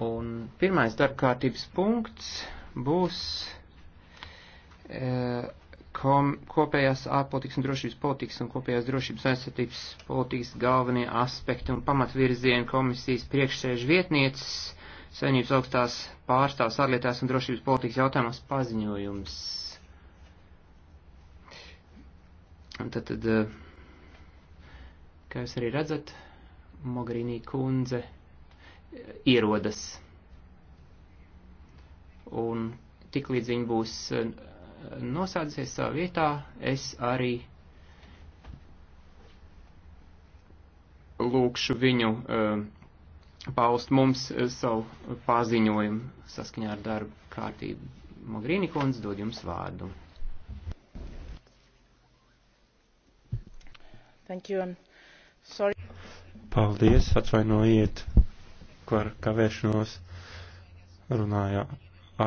Un pirmais darbkārtības punkts būs e, kom, kopējās ārpolitikas un drošības politikas un kopējās drošības aizsardzības politikas galvenie aspekti un pamatvirzieni komisijas priekšsēžu vietnieces. Savienības augstās pārstāvs ārlietās un drošības politikas jautājumos paziņojums. Un tad, tad, e, kā jūs arī redzat, Mogherini kundze ierodas. Un tiklīdz viņi būs eh, nosēdusies savā vietā, es arī lūkšu viņu uh, paust mums eh, savu paziņojumu saskaņā ar darbu kārtību. Mogrīni kundze dod jums vārdu. Thank you. I'm sorry. Paldies, atvainojiet par kavēšanos runājāt